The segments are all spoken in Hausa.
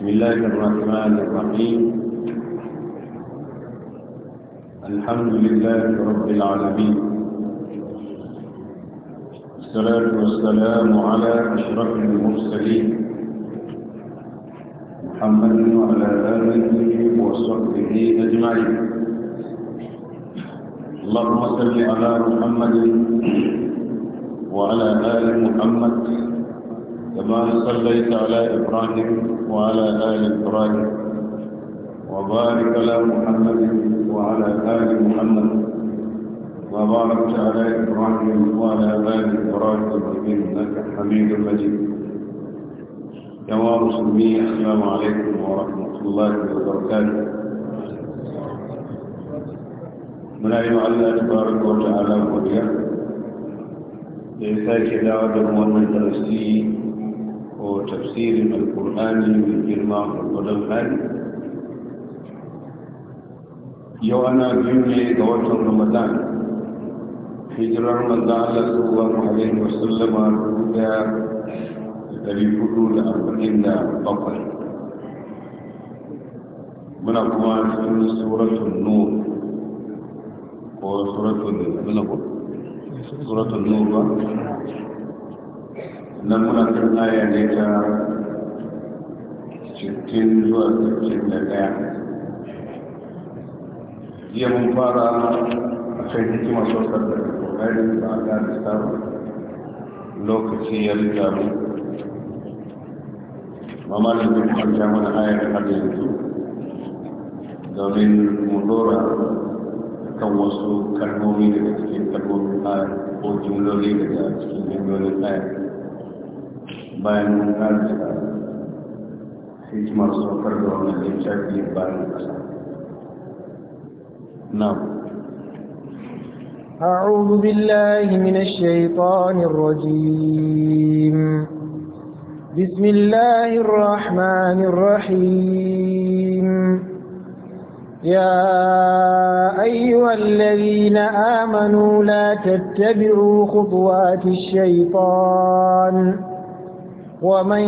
بسم الله الرحمن الرحيم الحمد لله رب العالمين الصلاة والسلام على أشرف المرسلين محمد وعلى آله وصحبه أجمعين اللهم صل على محمد وعلى آل محمد كما صليت على إبراهيم وعلى آل إبراهيم وبارك على محمد وعلى آل محمد وبارك على إبراهيم وعلى آل إبراهيم إنك حميد مجيد يا مسلمين السلام عليكم ورحمة الله وبركاته من أي الله تبارك وتعالى وليا ليس كذا ودم ونترسيه وتفسير القرآن من جرمى والقدم هذه يوانا بيوني دوات رمضان حجر رمضان صلى الله عليه وسلم رؤيا تريفدو أربعين بقر من أقوان في سورة النور وسورة النور سورة النور nan muna kan aya ne ta 60 zuwa 61 jiya mun fara a kan hikimar saukar da kokarin da aka da samu lokaci ya rika mu mamalin da kwanta mana ayar har yanzu domin mu dora kan wasu kalmomi daga cikin kalmomin 'aya ko jimloli daga cikin jimlolin ayar bayan أعوذ بالله من الشيطان الرجيم بسم الله الرحمن الرحيم يا أيها الذين آمنوا لا تتبعوا خطوات الشيطان ومن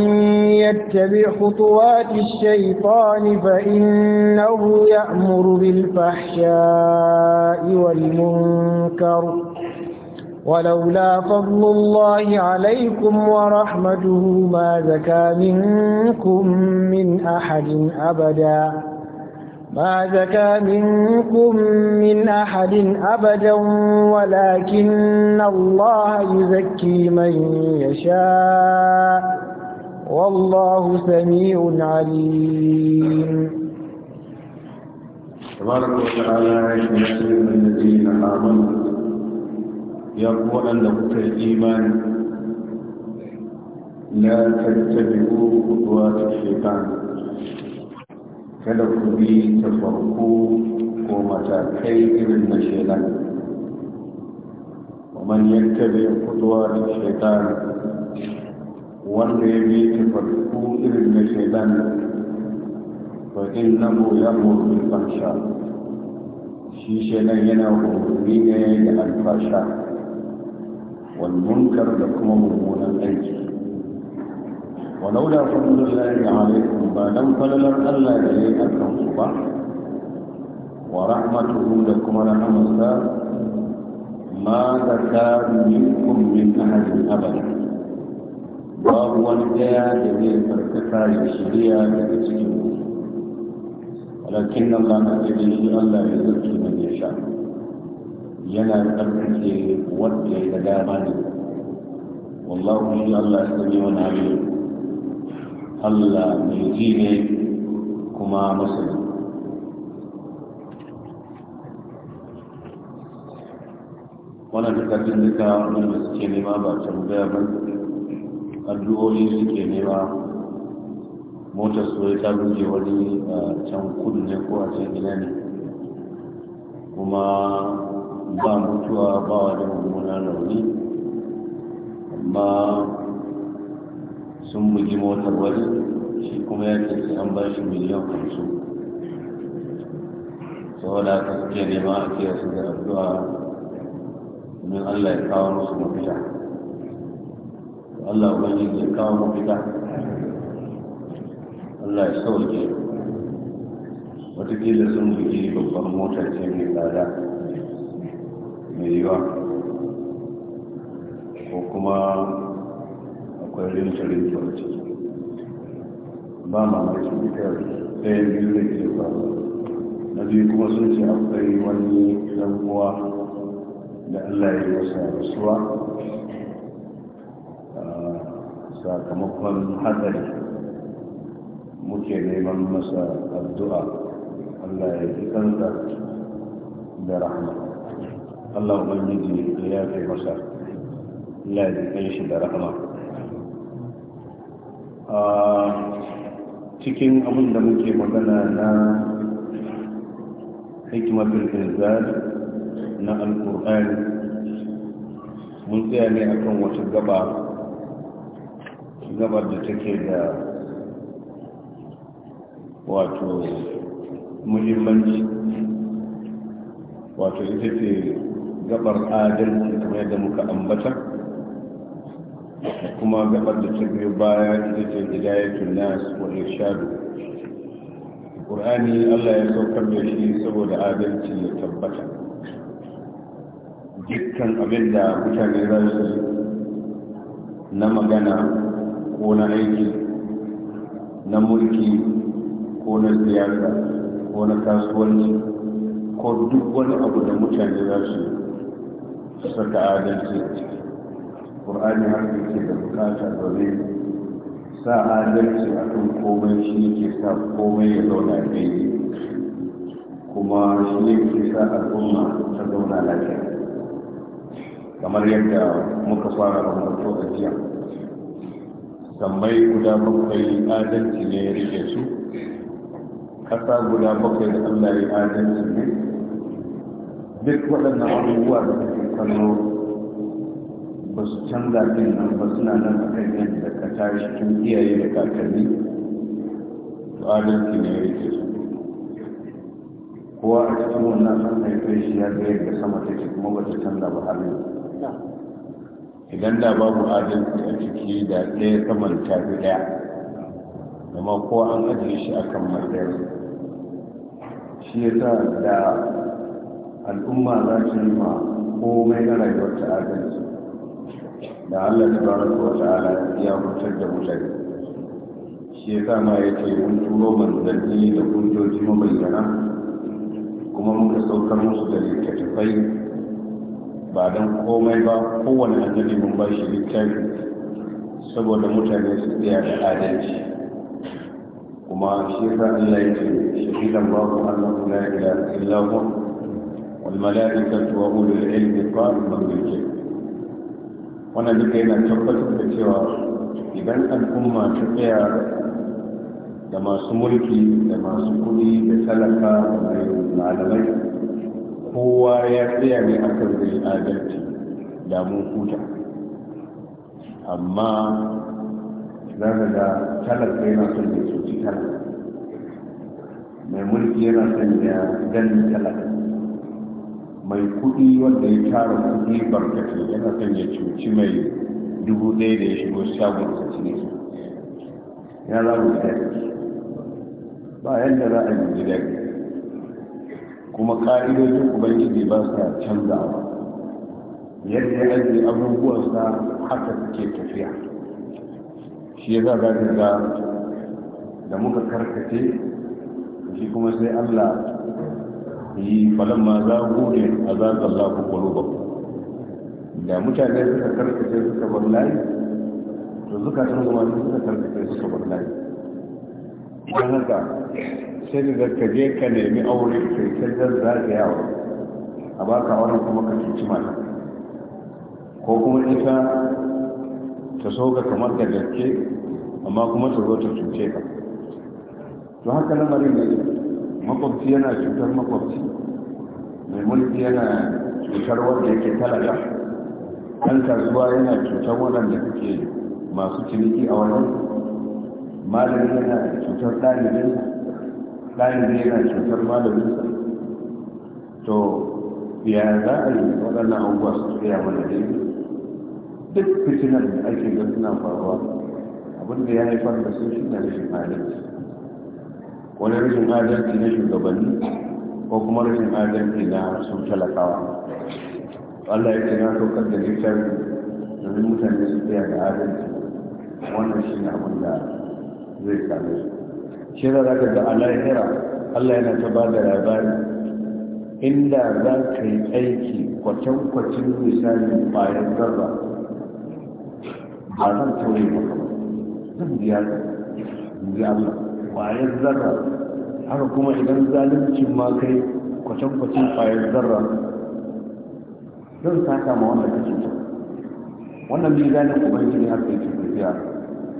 يتبع خطوات الشيطان فإنه يأمر بالفحشاء والمنكر ولولا فضل الله عليكم ورحمته ما زكى منكم من أحد أبدا ما زكى منكم من أحد أبدا ولكن الله يزكي من يشاء والله سميع عليم تبارك وتعالى يسلم الذين آمنوا يقول أنه الإيمان لا تتبعوا خطوات الشيطان kada ku bi ta farko ko matakai irin na shaitan ومن يتبع خطوات الشيطان wanda ya bi tafarku irin na shaidan fa innahu yamuru bil fahsha shi shaidan yana hurumi ne da alfasha wal da kuma mummunan aiki ولولا فضل الله عليكم بعدم فللر ألا إليك الكنصبة ورحمته لكم رحمة ما ذكر منكم من أحد أبدا babu wani daya da zai farkata da shirya daga cikin mu walakin nan ba na cikin shi Allah ya zarki man ya sha yana tsarkake wanda ya dama ne wallahu shi Allah ya sami wani hali Allah mai ji ne kuma masani wannan takardun duka wanda suke nema ba tambaya ba addu'o'i suke nema motar soya ta buge wani a can kudu ne ko a can gina ne kuma ba mutuwa ba wa da mummunan rauni amma sun bugi motar wani shi kuma ya ce sai an ba shi miliyan hamsin saboda ka suke nema a kiyar su da addu'a domin allah ya kawo musu mafita Allah wani zai kawo mafita Allah ya sauke watakila sun buji babban motar ce mai tsada mai yiwa ko kuma akwai rinta rinta wacce ba mamaki ita ɗaya biyu da ke ba na biyu kuma sun ce akwai wani ɗan uwa da Allah ya yi masa rasuwa sakamakon hatsari muke neman masa addu'a allah ya fi kansa da rahama allah ubangiji ya yafe masa allah ya fi shi da rahama a cikin abin da muke magana na hikimatul inzal na alkur'ani mun tsaya ne akan wata gaba gabar da take da wato muhimmanci wato ita ce gabar adalci kamar yadda muka ambata kuma gabar da ta biyo baya ita ce hidayatul nas wa irshadu qur'ani Allah ya saukar da shi saboda adalci ya tabbata dukkan abin da mutane za su na magana ko na aiki na mulki ko na siyasa ko na kasuwanci ko duk wani abu da mutane za su saka adalci a ciki ƙur'ani har da ke da bukata zai sa adalci a kan komai shi ke sa komai ya zauna daidai kuma shi ke sa al'umma ta zauna lafiya kamar yadda muka fara rubutu a jiya sammai guda bakwai adalci ne ya rike su ƙasa guda bakwai da allah ya adalci ne duk waɗannan abubuwa da suke kallo ba su canza ɗin nan ba suna nan a kan yadda ka tashi tun iyaye da kakanni to adalci ne ya rike su kowa a cikin wannan sun haife shi ya ga yadda sama take kuma ba ta canza ba har yanzu idan da babu adalci a ciki da ɗaya saman ta fi ɗaya amma ko an ajiye shi akan matsayar shi ya sa da al'umma za su yi ma komai na rayuwar ta adalci da allah ta bara wa ta'ala ya hutar da mutane shi ya sa ma ya ce mun turo manzanni da hujjoji mabayyana kuma muka saukar musu da littattafai ba don komai ba kowane annabi mun ba shi littafi saboda mutane su tsaya da adalci kuma shi yasa Allah shi shahidan ba ku Allah la ilaha illa hu wal malaikatu wa ulul ilmi qa'iman bil qist wannan duka yana tabbatar da cewa idan al'umma ta tsaya da masu mulki da masu kuɗi da talaka da malamai kowa ya tsaya ne a kan zai adalci da mu huta amma za ka ga talaka yana son ya soci talaka mai mulki yana son ya gani talaka mai kuɗi wanda ya tara kuɗi barkatai yana son ya cuci mai dubu ɗaya da ya shigo shagon sa ci su ya za mu ba yadda za a yi gidan. kuma ƙa'idojin ubangiji ba sa ba yadda ya ajiye abubuwansa haka suke tafiya shi ya za gani ga da muka karkace shi kuma sai allah yi falamma za gode a za ku kwaro ba da mutane suka karkace suka bar layi to suka canza wani suka karkace suka bar layi sai da ka je ka nemi aure kai ta zan yawa a baka wani kuma ka cuci mata ko kuma ita ta so ka kamar da gaske amma kuma ta zo ta cuce ka to haka lamarin ne makwabci yana cutar makwabci mai mulki yana cutar wanda yake talaka ɗan kasuwa yana cutar waɗanda suke masu ciniki a wannan malami yana cutar ɗalibinsa ɗalibi yana cutar malaminsa to ya za a yi waɗannan abubuwa su tsaya mana dai duk fitinar da ake ga suna faruwa abinda ya haifar da sun shi na rashin adalci wani rashin adalci na shugabanni ko kuma rashin adalci na sun talakawa Allah ya ce na saukar da littafi domin mutane su tsaya da adalci wannan shi ne abin da zai same su shi da za ka ga a lahira allah yana ta ba da labari inda za ka yi aiki kwatankwacin misali bayan zarra ba zan taure ba zan biya ka zai allah bayan zarra haka kuma idan zalincin ma kai kwatankwacin bayan zarra zan saka ma wanda kake ta wannan bizanin ubangiji haka yake tafiya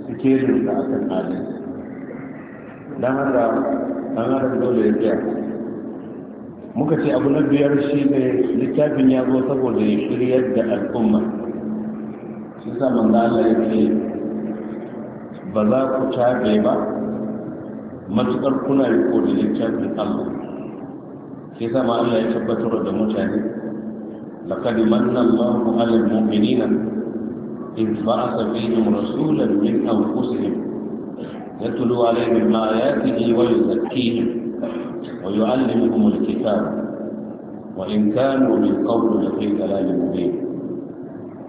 su kerin da akan adalci don haka an adam dole ya tsaya muka ce abu na biyar shi ne littafin ya zo saboda ya shiryar da al'umma shi sa manzo ya ce ba za ku tabe ba matukar kuna riko da littafin Allah shi sa ma Allah ya tabbatar da mutane laqad manna Allahu 'alal mu'minina إذ بعث فيهم رسولا من أنفسهم يتلو عليهم آياته ويزكيهم ويعلمهم الكتاب وإن كانوا من قبل لفي كلام مبين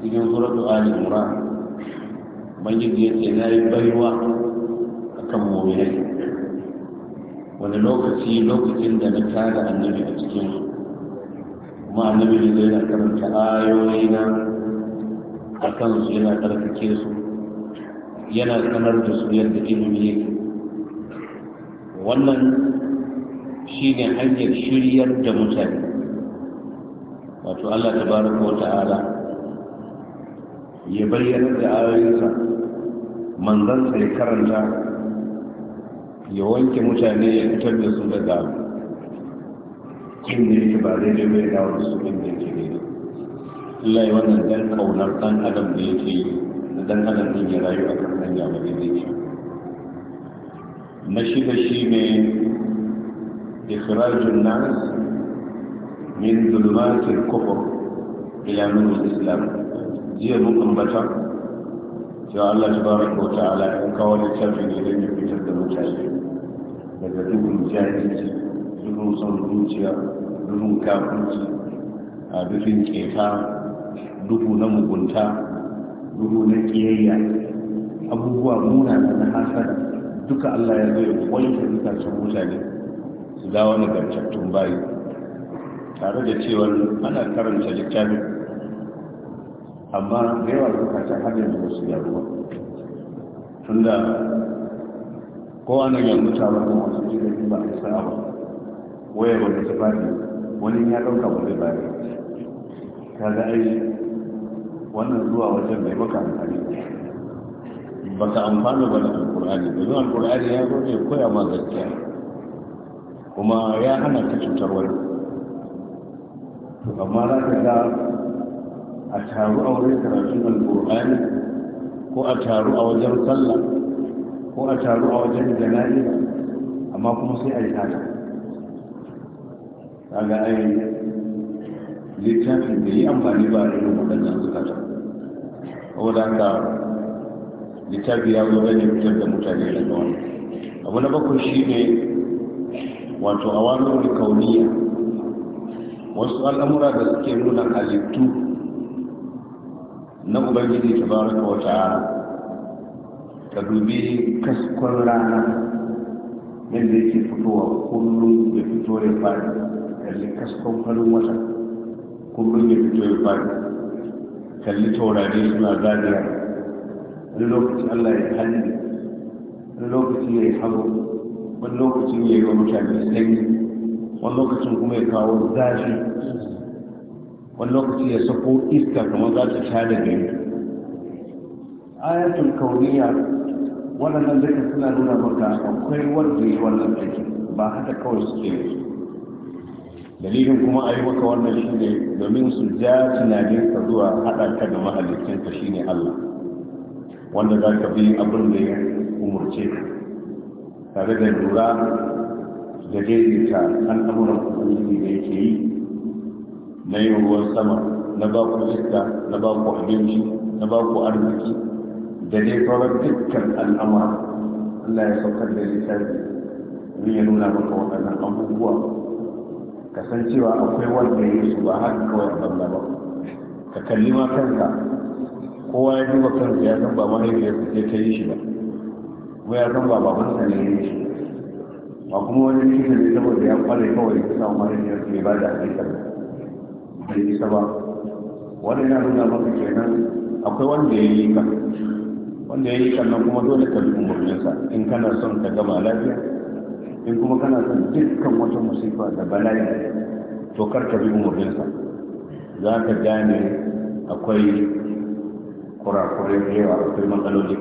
cikin suratu ali imran ubangiji ya ce na yi baiwa a kan mominai wani lokaci lokacin da na tada annabi a cikin kuma annabi ne zai karanta a kan su yana sanar da su yadda ilimi yake wannan shi ne hanyar shiryar da mutane wato allah tabaraka ko ta'ala ya bayyana da ayoyinsa manzansa ya karanta ya wanke mutane ya fitar da su daga inda yake ba daidai bai dawo da su inda yake ne allah ya wannan dan kaunar dan adam da yake yi dan adam din ya rayu akan hanya ba zai yi na shida shi ne ikhrajun nas min zulmatil kufr ila nur islam jiya mun ambata cewa Allah tabaraka wa ta'ala ya kawo littafi ne don ya fitar da mutane daga dukkan jahilci dukkan son zuciya dukkan kafirci a dukkan keta duhu na mugunta gudu na kiyayya abubuwa muna na hasar duka Allah ya zai kwanta zukatan mutane su za wani garcattun bayu tare da cewa ana karanta littafin amma da yawa zukatan har yanzu da wasu yaruwa tunda kowa na yanzu taron kuma wasu jirgin ba a sa'a ba wayar wani ta bani wani ya ɗauka wani bayan kaga ai wannan zuwa wajen mai baka amfani ba ka amfani ba da alkur'ani zuwa alkur'ani ya zo ne koya ma gaskiya kuma ya hana ta cutar wani amma za ka ga a taru a wurin karatun alkur'ani ko a taru a wajen sallah ko a taru a wajen jana'i amma kuma sai a yi hata kaga ai littafin da yi amfani ba a irin waɗannan zukatan saboda haka littafi ya zo zai fitar da mutane daga wani abu na bakwai shi ne wato a wani kauniya wasu al'amura da suke nuna halittu na ubangiji ta baraka wata ka dubi kaskon rana yadda yake fitowa kullum ya fito ya fadi kalli kaskon wata kullum ya fito ya kalli taurari suna zagaya wani lokaci allah ya hannu wani lokaci ya yi hagu wani lokaci ya yi wa mutane sanyi wani lokacin kuma ya kawo zafi wani lokaci ya sako iska kamar za ta sha da gari ayatul kauniya waɗannan zaka suna nuna maka akwai wanda ya wannan aiki ba haka kawai suke yi dalilin kuma a yi maka wannan shi ne domin su ja tunaninka zuwa haɗa ka da mahalicinka shi ne allah wanda za ka bi abin da ya umarce? tare da lura da daidaita al'amuran ubangiji da yake yi na yin ruwan sama na ba ku iska na ba ku abinci na ba ku arziki da dai sauran dukkan al'amura allah ya saukar da littafi ni ya nuna maka waɗannan abubuwa kasancewa akwai wanda ya su ba haka kawai Allah ba ka kalli ma kanka kowa ya duba kansa ya san ba ya ta ta yi shi ba kuma ya san ba baban sa ne ya yi shi ba kuma wani likita ne saboda ya kware kawai ya samu ya ta ba da abin bai isa ba wani na nuna maka kenan akwai wanda ya yi ka wanda ya yi kan nan kuma dole ka bi umarninsa in kana son ka gama lafiya in kuma kana son dukkan wata musifa da bala'i to karka bi umarninsa za ka gane akwai kurakurai da yawa akwai matsaloli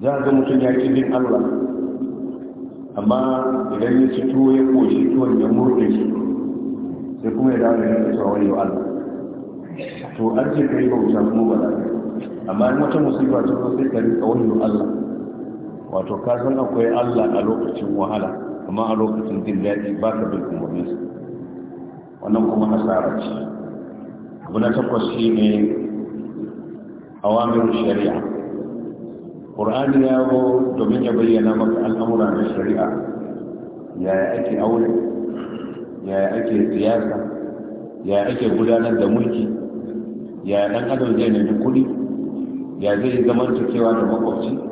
za a ga mutum ya ci bin allah amma idan ya ci tuwo ya koshi tuwon ya murɗe shi sai kuma ya dawo da yanzu tsawon wani wa allah to an ce kai bauta kuma ba za amma in wata musifa ta zo sai ka rinka wani wa allah wato ka san akwai Allah a lokacin wahala amma a lokacin jin daɗi ba ka bin umarni wannan kuma nasara ce abu na takwas shi ne awamir shari'a ƙur'ani ya zo domin ya bayyana maka al'amura na shari'a yaya ake aure yaya ake siyasa yaya ake gudanar da mulki yaya ɗan adam zai nemi kuɗi ya zai zama cikewa da makwabci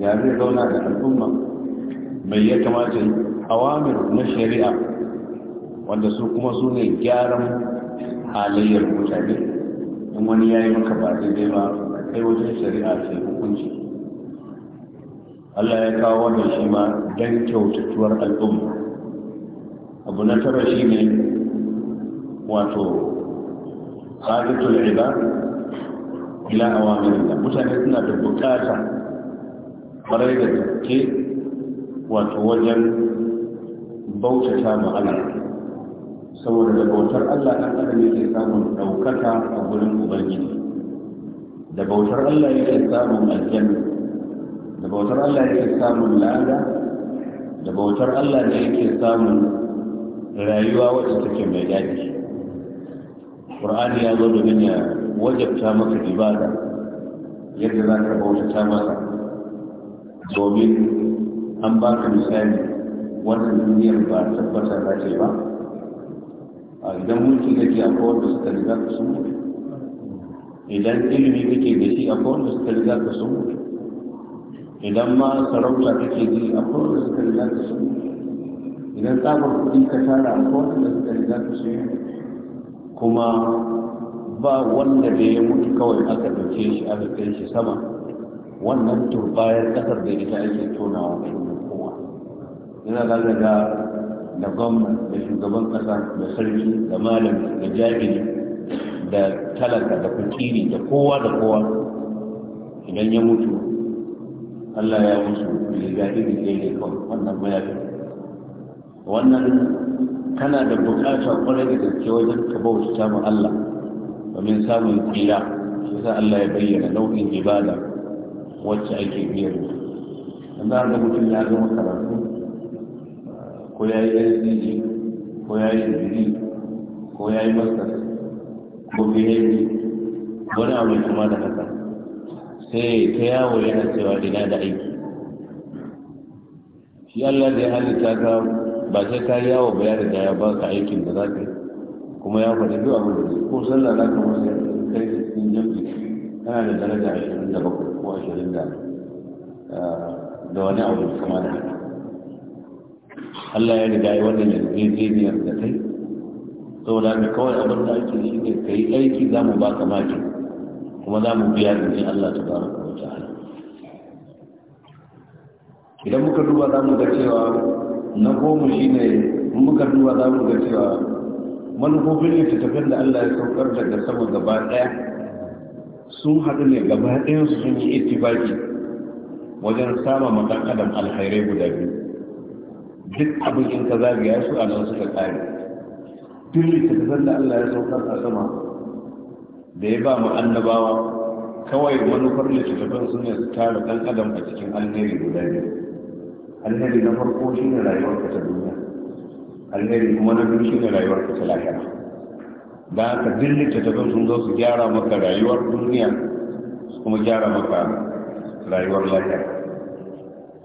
ya zai zauna da al'umma mai ya kamata awamir na shari'a wanda su kuma su ne gyaran halayyar mutane in wani ya yi maka ba daidai ba kai wajen shari'a ce hukunci Allah ya kawo wannan shi ma don kyautatuwar al'umma abu na tara shi ne wato hajjatul ibad ila awamin mutane suna da bukata Kwarai da ke wato wajen bautata ma Allah saboda da bautar Allah ɗan adam yake samun ɗaukaka a gurin ubangiji da bautar Allah yake samun aljanna da bautar Allah yake samun lada da bautar Allah ne yake samun rayuwa wadda take mai daɗi Qur'ani ya zo domin ya wajabta maka ibada yadda za ka bauta ta masa domin an ba ka misali wannan duniyar ba tabbata za ce ba a idan mulki kake akwai wanda suka riga ka sun mutu idan ilimi kake da shi akwai wanda suka riga ka sun mutu idan ma sarauta kake ji akwai wanda suka riga ka sun mutu idan tsabar kuɗi ka tara akwai wanda suka riga ka sun mutu kuma ba wanda da ya mutu kawai aka ɗauke shi aka kai shi sama wannan turbayar kasar da ita ake tonawa da yin kowa yana zaka ga da gwamna da shugaban kasa da sarki da malam da jami'i da talaka da fakiri da kowa da kowa idan ya mutu Allah ya musu riga iri ɗaya ne kawai wannan mayafi wannan kana da bukata kwarai da gaske wajen ka bauta ma Allah domin samun tsira shi sa Allah ya bayyana nau'in ibada wacce ake biyar yanzu da mutum ya zama karatu ko ya yi lcd ko ya yi digiri ko ya yi masar ko phd wani abu kuma da haka sai ta yawo yana cewa ina da aiki shi allah da ya halitta ka ba sai ka yawo ba ya riga ya ka aikin da za ka yi kuma ya faɗi biyu abu da ko sallah za ka wasu kai cikin jamfi kana da daraja ashirin da bakwai ko ashirin da eh, da wani abu kama da haka Allah ya riga yi wannan yarjejeniyar da kai saboda haka kawai abin da ake shi ne ka yi aiki za mu ba ka maki kuma za mu biya da ni Allah ta baraka wa ta'ala idan muka duba za mu ga cewa na goma shi ne muka duba za mu ga cewa manufofin ta littattafin da Allah ya saukar daga sama gaba ɗaya sun haɗu ne gaba ɗayan su sun yi ittifaki wajen sama ma adam alhairai guda biyu duk abin in ka zagaya su a nan suka ƙare duk littattafan da Allah ya saukar a sama da ya ba mu annabawa kawai manufar littattafan su ne su tara ɗan adam a cikin alheri guda biyu alheri na farko shi ne rayuwarka ta duniya alheri kuma na biyu shi ne rayuwarka ta lahira da ka duk ta sun zo su gyara maka rayuwar duniya kuma gyara maka rayuwar lafiya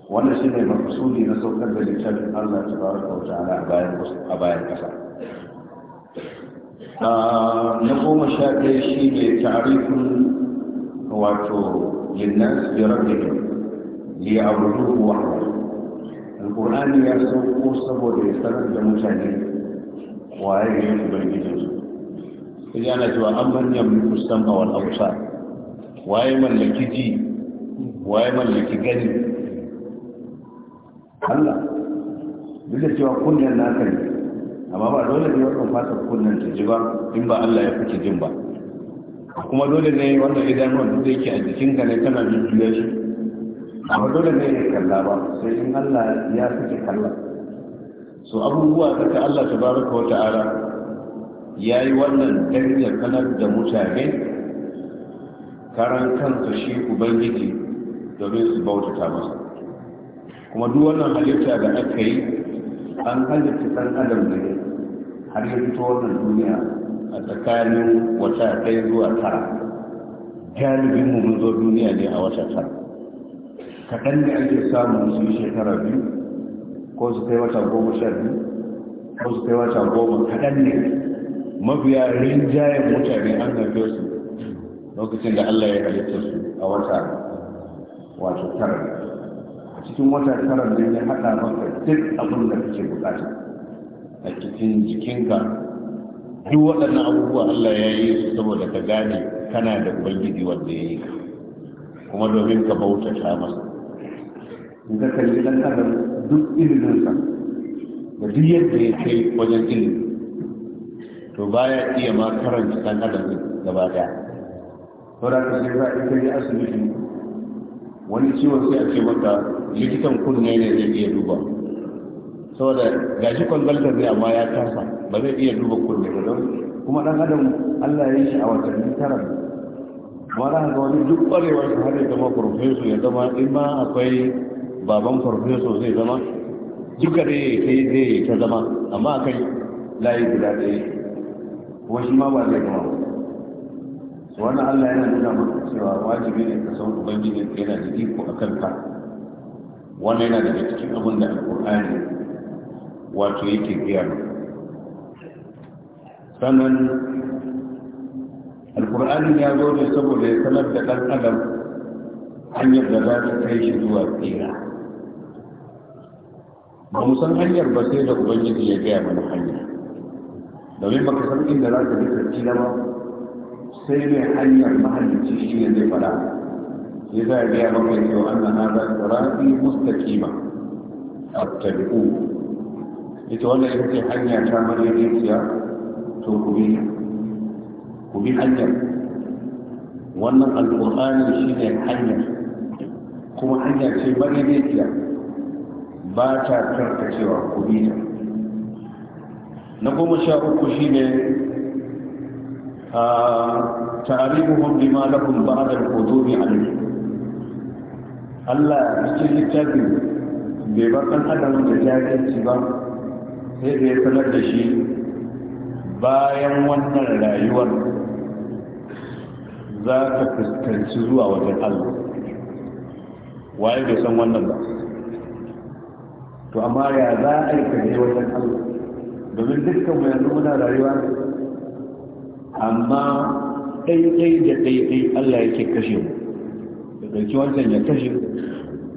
wanda shi ne mafasuli na saukar da littafin allah ta ba da wata a bayan kasa ah, na goma sha ɗaya shi ne tarifin wato linnas bi rabbihim li ya'buduhu wahdahu ƙurani ya sauko saboda ya sanar da mutane waye ne ubangijinsu yana cewa an manya mulku a wani Hausa. waye mallaki ji waye mallaki gani Allah duk da cewa kunnen naka ne amma ba dole ne wannan fatar kunnan ta ji ba in ba Allah ya fice jin ba kuma dole ne wannan idan duk da yake a ka ne tana jujjuya shi amma dole ne ya kalla ba sai in Allah ya fice kalla so abubuwa daga Allah tabaraka wa ta'ala ya yi wannan don kanar da mutane karan kansa shi ubangiji domin su bautata masa kuma duk wannan halitta da aka yi an halitta ɗan adam ne har yi fito wannan duniya a tsakanin wata ɗaya zuwa tara galibin mu zo duniya ne a wata tara kaɗan ne ake samun su yi shekara biyu ko su kai wata goma sha biyu ko su kai wata goma kaɗan ne mafiya rinjayen mutane an haife su lokacin da Allah ya halitta su a wata wato tara a cikin wata tara ne ya haɗa maka duk abin da kake bukata a cikin jikinka duk waɗannan abubuwa Allah ya yi su saboda ka gane kana da ubangiji wanda ya yi ka kuma domin ka bauta ta masa in ka kalli ɗan adam duk iliminsa da duk yadda ya kai wajen ilimi to baya iya ma karanta dan adam gaba daya da ka sai za ka yi asibiti wani ciwon sai a ce maka likitan kunne ne zai iya duba saboda gashi kwangaltar ne amma ya kasa ba zai iya duba kunne ba don kuma dan adam Allah ya yi shi a watanni tara ba ga wani duk kwarewar su har ya zama farfesu ya zama in ma akwai baban farfesu zai zama duka dai sai zai ta zama amma akai layi guda ɗaya ko shi ma ba zai gama ba Wani Allah yana nuna maka cewa wajibi ne ka san ubangiji ka yana da iko a kanka wani yana daga cikin abin da alƙur'ani wato yake biya sannan alƙur'ani ya zo ne saboda ya sanar da ɗan adam hanyar da za ta kai shi zuwa tsira ba mu san hanyar ba sai da ubangiji ya gaya mana hanyar domin baka san inda za ka bisa tarkila ba sai mai hanyar mahallici shi ne zai fada sai za a biya maka yau an na hada rafi a tabi'u ita wannan ita ce hanya ta madaidaiciya to ku bi ku bi hanyar wannan alƙur'ani shi ne hanyar kuma hanya ce madaidaiciya ba ta karkacewa ku bi ta na goma sha uku shi ne a ah, tarihuhun lima lakum ba'da ne a alayhi Allah cikin littafi bai bar kan adam da jajenci ba sai da ya sanar da shi bayan wannan rayuwar za ka fuskanci zuwa wajen Allah waye bai san wannan ba to amma ya za a yi kaje wajen Allah domin dukkan mu yanzu muna rayuwa ne. amma ɗaiɗai da ɗaiɗai Allah yake kashe mu da ɗauki wancan ya kashe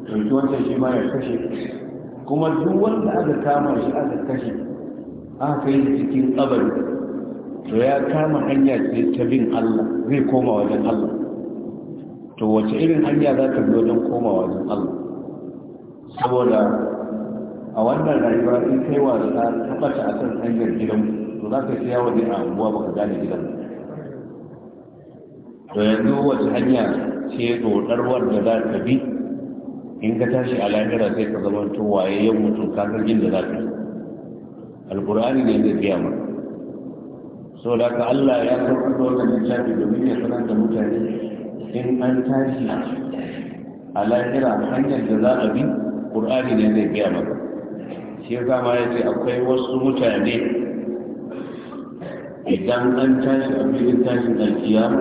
ɗauki wancan shi ma ya kashe kuma duk wanda aka kama shi aka kashe aka kai cikin tsabari to ya kama hanya ce ta bin Allah zai koma wajen Allah to wace irin hanya za ta bi wajen koma wajen Allah saboda a wannan rayuwa in kai wasa ta bata a kan hanyar gidan to za ka siya wani a unguwa baka gane gidan to yanzu wata hanya ce dodar wanda za ka bi in ka tashi a lahira sai ka zama to waye yau mutum ka san da za ka alkur'ani ne zai biya maka so da ka Allah ya saukar da wannan littafi domin ya sanar da mutane in an tashi a lahira hanyar da za a bi qur'ani ne zai biya maka shi ya zama ya ce akwai wasu mutane idan an tashi a filin tashin alkiyama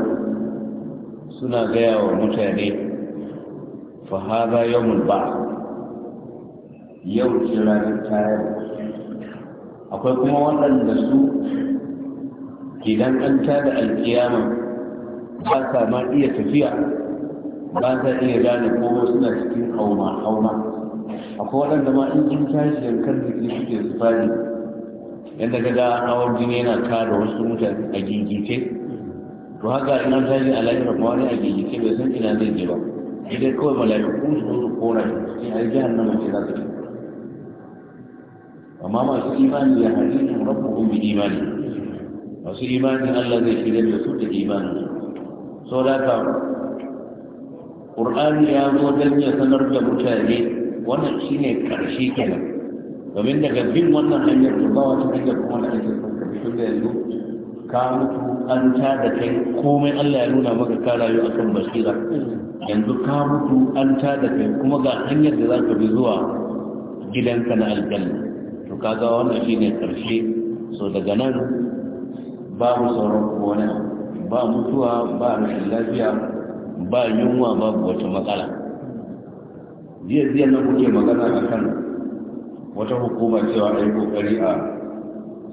suna gaya wa mutane fahaza yau mun ba yau ce ranar tayar akwai kuma waɗanda su idan an tada alkiyama ba sa ma iya tafiya ba sa iya gane kowa suna cikin hauma hauma akwai waɗanda ma in sun tashi kan jiki suke su fadi yadda ga da hawan jini yana tara wasu mutane a gigice to haka in an tashi a lafiyar kuma wani a gigice bai san ina zai je ba idan kawai mala'iku su zo kona shi a jihar nan mace za su ce amma masu imani ya rabu kun bi imani masu imani Allah zai shirya da su da imani so da ka ƙur'ani ya zo don ya sanar da mutane wannan shi ne ƙarshe kenan domin daga bin wannan hanyar da ba wata hanyar kuma da ake son kafi tun da yanzu ka mutu an ta da kai komai Allah ya nuna maka ka rayu a kan basira yanzu ka mutu an ta da kai kuma ga hanyar da za ka bi zuwa gidanka na aljanna to ka kaga wannan shi ne ƙarshe so daga nan ba mu sauran kuma wani ba mutuwa ba rashin lafiya ba yunwa ba wata matsala jiya jiya na kuke magana a kan wata hukuma cewa a yi kokari a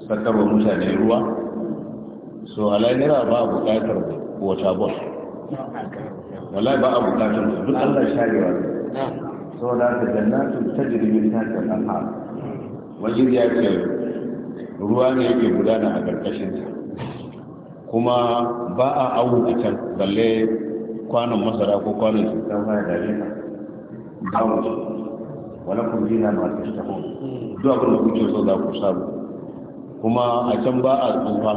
sakarwa mutane ruwa so alaimira ba a bukatar wata bol wallahi ba a bukatar duk allah sharewa So da ta jannatu ta jirgin ta jannata wajen ya ce ruwa ne yake gudana a ƙarƙashinsa kuma ba a awu can balle kwanon masara ko kwanon shinkafa da rika babu su wala kun dina ma ta duk abin da kuke so za ku samu kuma a can ba a tsufa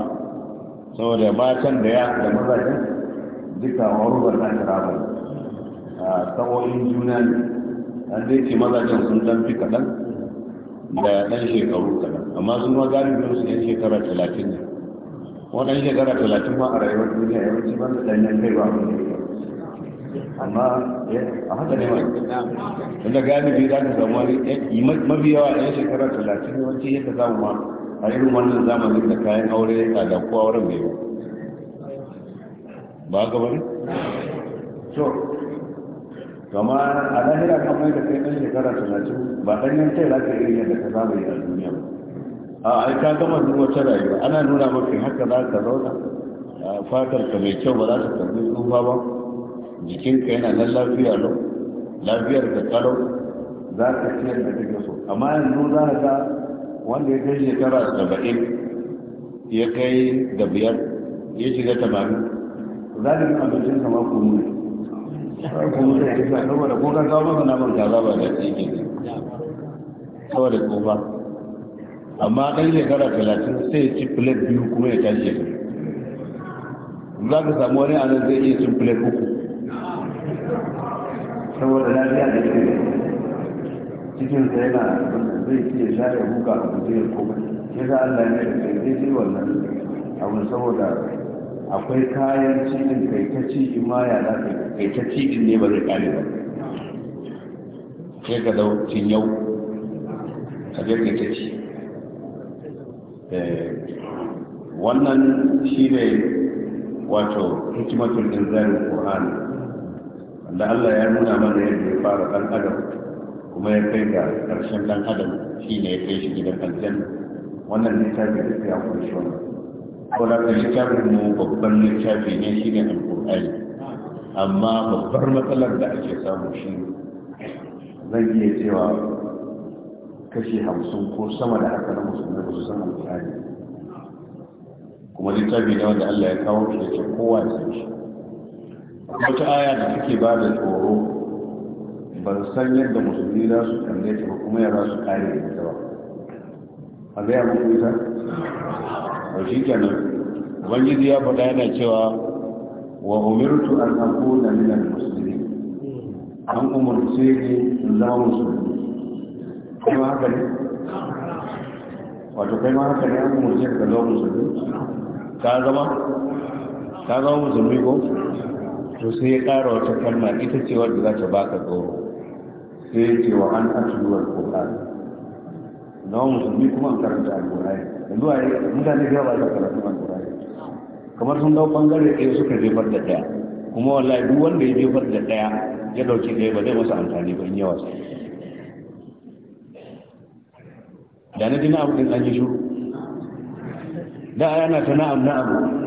saboda ba can da ya da mazajen duka warubar na kiraba a tsawoyin juna ne an dai ce mazajen sun dan fi kaɗan da ɗan shekaru kaɗan amma sun ma biyu su yan shekara talatin ne waɗannan shekara talatin ma a rayuwar duniya yawanci ban da ɗanyen kai ba abin da amma eh, a haka ne wanda galibi za ka samu eh, mafi yawa ɗaya shekara talatin yawanci yadda samu ma a irin wannan zamanin da kayan aure ya tsada ko auren bai ba ba ga wani so kama a lahira kan mai da kai ɗan shekara talatin ba ɗan yan kai za ka irin yadda ka yi a duniya ba a ai ka gama duk wata rayuwa ana nuna mafi haka za ka zauna fatar ka mai kyau ba za ta karbi tsufa ba jikinka yana nan lafiya lau lafiyar ka kalau za ka ciyar da kake so amma yanzu za ka ga wanda ya kai shekara saba'in ya kai da biyar ya shiga tamanin za ka yi abincin kama kunu ne kuma ta ya sa saboda ko ka kawo masa naman kaza ba da ke ke saboda ba amma ɗan shekara talatin sai ci plate biyu kuma ya tashi ya za ka samu wani anan zai iya cin plate uku saboda lafiya da ke cikin sa yana zai ke share buka a guje kuma koma ya za Allah ne da ke zai ce wannan Abin saboda akwai kayan cikin kai ta cikin ma ya za ka kai ta cikin ne ba zai kare ba ke ka dau yau, ka je kai ta ci eh, wannan shi ne wato hikimatul inzalin qur'ani wanda Allah ya nuna mana yadda ya fara ɗan adam kuma ya kai ga ƙarshen ɗan adam shi ne ya kai shi gidan aljanna wannan littafi da ya shi wani ko da kan littafin mu babban littafi ne shi ne alƙur'ani amma babbar matsalar da ake samu shi zan iya cewa kashi hamsin ko sama da haka na musulmi ba su san alƙur'ani kuma littafi ne wanda Allah ya kawo shi da ke kowa ya san shi wata aya da take ba da tsoro ban san yadda musulmi za su kalle ta ba kuma yara su kare da ita ba a gaya muku ita ba shi kenan ubangiji ya faɗa yana cewa wa umirtu an akuna min al-muslimin an umarci ni in zama musulmi kai ma haka ne wato kai ma haka ne an umarci ka zama musulmi ka zama ka zama musulmi ko to sai ya ƙara wata kalma ita ce wadda za ta baka tsoro sai ya ce wa an atuluwar ƙoƙari na wani musulmi kuma an karanta alƙurari yanzu a yi mutane da yawa za karatu alƙurari kamar sun dau ɓangare ɗaya suka jefar da ɗaya kuma wallahi duk wanda ya jefar da ɗaya ya ɗauki ɗaya ba zai masa amfani ba in yawa da na dina abu ɗin an yi shuru da ana ta na'am na'am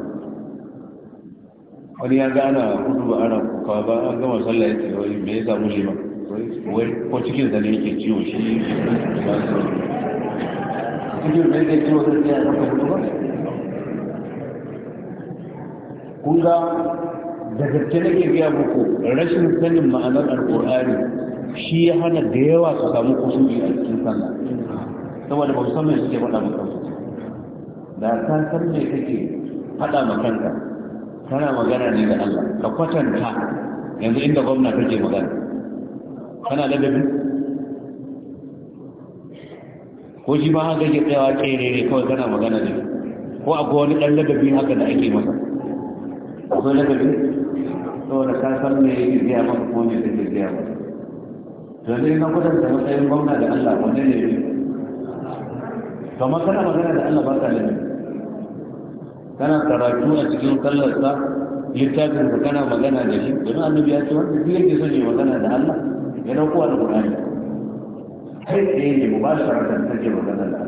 wani ya gana kudu ba ana kuka ba an gama sallah ya ce wani me ya samu liman wai ko cikin zane yake ciwo shi ba su cikin zane yake ciwo sai ya zama kudu ba kun ga da gaske nake gaya muku rashin sanin ma'anar alƙur'ani shi ya hana da yawa su samu kusuri a cikin sallah saboda ba su san me suke faɗa ma kansu da ka san me kake faɗa ma kanka tana magana ne da Allah ka kwatanta yanzu inda gwamna take magana kana ladabi ko shi ba haka ke tsayawa tsere ne kawai kana magana ne ko a wani ɗan ladabi haka da ake masa ko ladabi da ka san me yake gaya maka ko me yake gaya maka to dai na kwatanta matsayin gwamna da Allah wanne ne kamar kana magana da Allah ba ka ne kana karatu a cikin kallarsa littafin da kana magana da shi domin annabi ya ce wanda duk yake son yi magana da Allah ya dauko alqur'ani kai tsaye ne da take magana da Allah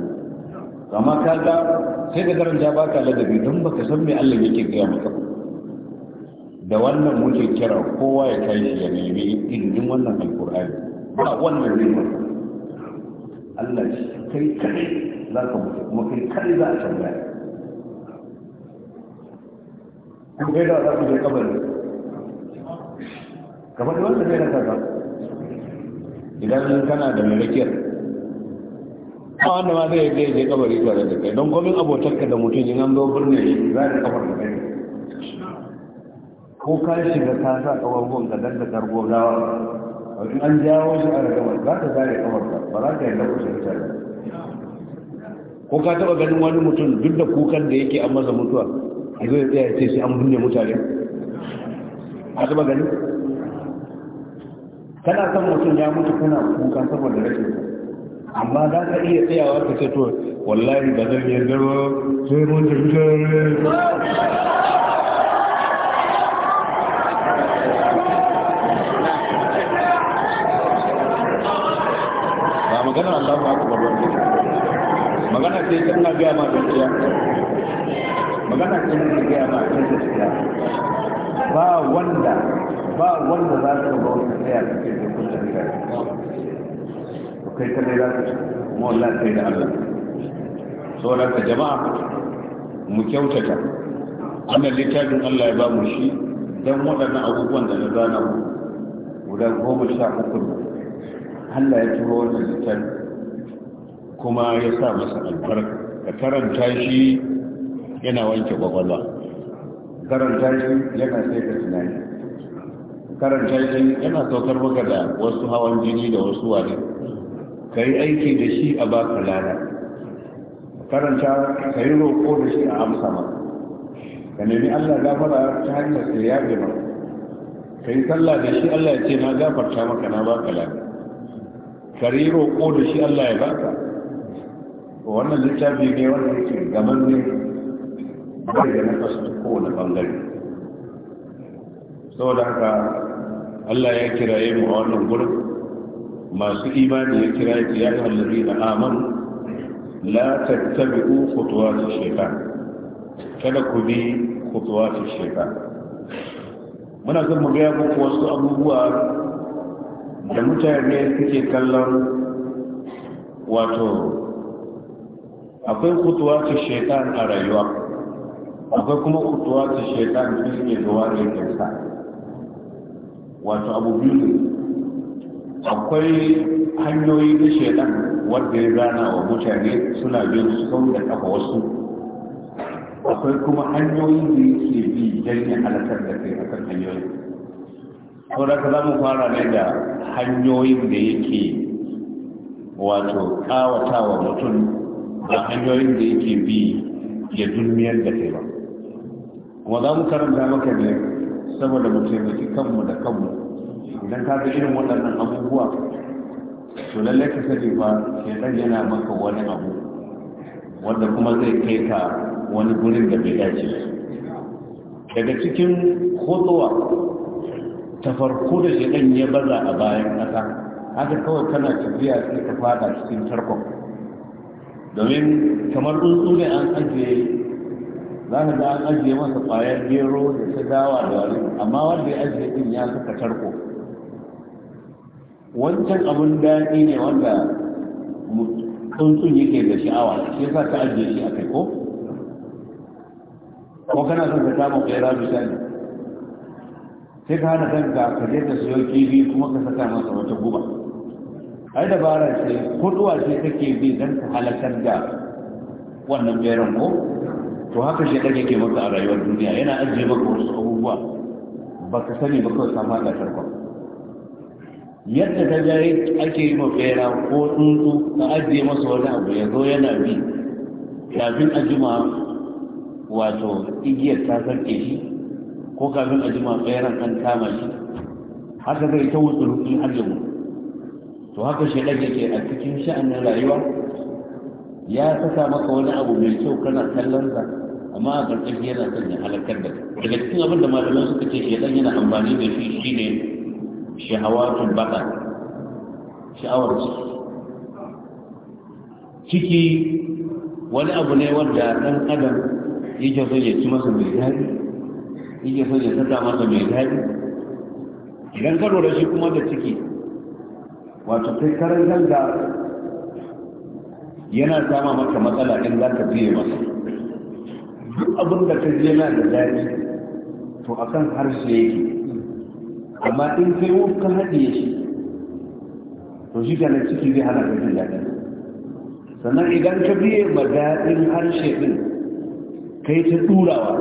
to amma kaga sai da karanta baka ladabi don baka san me Allah yake gaya maka da wannan muke kira kowa ya kai shi ya nemi ilimin wannan alqur'ani ba wannan ne Allah shi kai kai za ka mutu kuma kai kai za a tambaya ku kai da ku je kabari kamar wanda zai rasa ka idan kana da mulkiyar a wanda ma zai je je kabari tare da kai don komin abotarka da mutum in an zo birne za ka kafar da kai ko ka da ka sa kawargon ka dan da kargo gawa in an jawo shi a ragamar za ta zare kamar ba za ta yi lakushin tare ko ka taba ganin wani mutum duk da kukan da yake an masa mutuwa a zai tsaye ce sai an binne mutane a taba ganin kana san mutum ya mutu kuna kuka saboda rashin amma za ka iya tsayawa ka ce to wallahi ba zan yi zama sai mun tafi tare maganar Allah ba ku babban magana ce tana gaya ma gaskiya magana ce tana gaya ma gaskiya ba wanda ba wanda za su ga wani tsaya da ke da kun tafiya to kai ka dai za ka ci kuma wallahi kai da Allah saboda ka jama'a mu kyautata amma littafin Allah ya ba mu shi dan waɗannan abubuwan da na zana mu guda goma sha uku Allah ya turo wannan littafin kuma ya sa masa albarka Da karanta shi yana wanke kwakwalwa karanta shi yana sai ka tunani karanta shi yana saukar maka da wasu hawan jini da wasu wani ka yi aiki da shi a baka lada karanta ka yi roƙo da shi a amsa ma ka nemi allah gafara ta hanyar da ya gama ka yi sallah da shi allah ya ce na gafarta maka na baka lada ka yi roƙo da shi allah ya baka wannan littafi ne wanda yake gaban ne bai da na kasu kowane bangare saboda haka Allah ya kiraye mu a wannan gurin masu imani ya kiraye ya yi hallabi na aman la tattabi'u khutuwati sheka kada ku bi khutuwati sheka muna son mu ga muku wasu abubuwa da mutane suke kallon wato akwai kutuwa ta shaitan a rayuwa akwai kuma kutuwa ta shaitan da suke zuwa da yankinsa wato abu biyu ne akwai hanyoyi na shaitan wanda ya gana wa mutane suna bin su sau da kafa wasu akwai kuma hanyoyi da yake bi don ya halatar da kai akan hanyoyi sau da ka za mu fara ne da hanyoyin da yake wato kawata wa mutum ba hanyoyin da yake bi ya dulmiyar da kai ba kuma za mu karanta maka ne saboda mu taimaki kanmu da kanmu idan ka ga irin waɗannan abubuwa to lallai ka sani ba yana maka wani abu wanda kuma zai kai ka wani gurin da bai dace daga cikin hutuwa ta farko da shaitan ya baza a bayan ƙasa haka kawai kana tafiya sai ka fada cikin tarkon domin kamar tsuntsu ne an ajiye za ka ga an ajiye masa ƙwayar gero da ta dawa da wani amma wanda ya ajiye din ya saka tarko wancan abun daɗi ne wanda tsuntsun yake da sha'awa shi yasa ka ajiye shi a kai ko ko kana son ka kama ƙera misali sai ka hana kanka ka je ka siyo kifi kuma ka saka masa wata guba ai dabara ce kuduwa ce take bi don ta halakar da wannan beran ko to haka shi ɗan ke maka a rayuwar duniya yana ajiye maka wasu abubuwa ba ka sani ba kawai sama da tarko yadda ta gari ake yi ma bera ko tsuntsu ka ajiye masa wani abu ya zo yana bi kafin a jima wato igiyar ta sarke shi ko kafin a jima beran an kama shi haka zai ta wuce rukun har to haka shi ɗan yake a cikin sha'anin rayuwa ya saka maka wani abu mai kyau kana kallon sa amma a ƙarƙashi yana son ya halakar da daga cikin abin da malaman suka ce shi ɗan yana amfani da shi shine shahawatul baka sha'awar ciki ciki wani abu ne wanda ɗan adam yake so ya ci masa mai daɗi yake so ya saka masa mai daɗi idan ka lura shi kuma da ciki wato kai karan kanka yana sama maka matsala in za ka biye masa duk abin da ka je na da daɗi to a kan harshe yake amma in kai wuf haɗe haɗiye shi to shi na ciki zai hana ka jin daɗi sannan idan ka biye ma daɗin harshe ɗin kai ta ɗurawa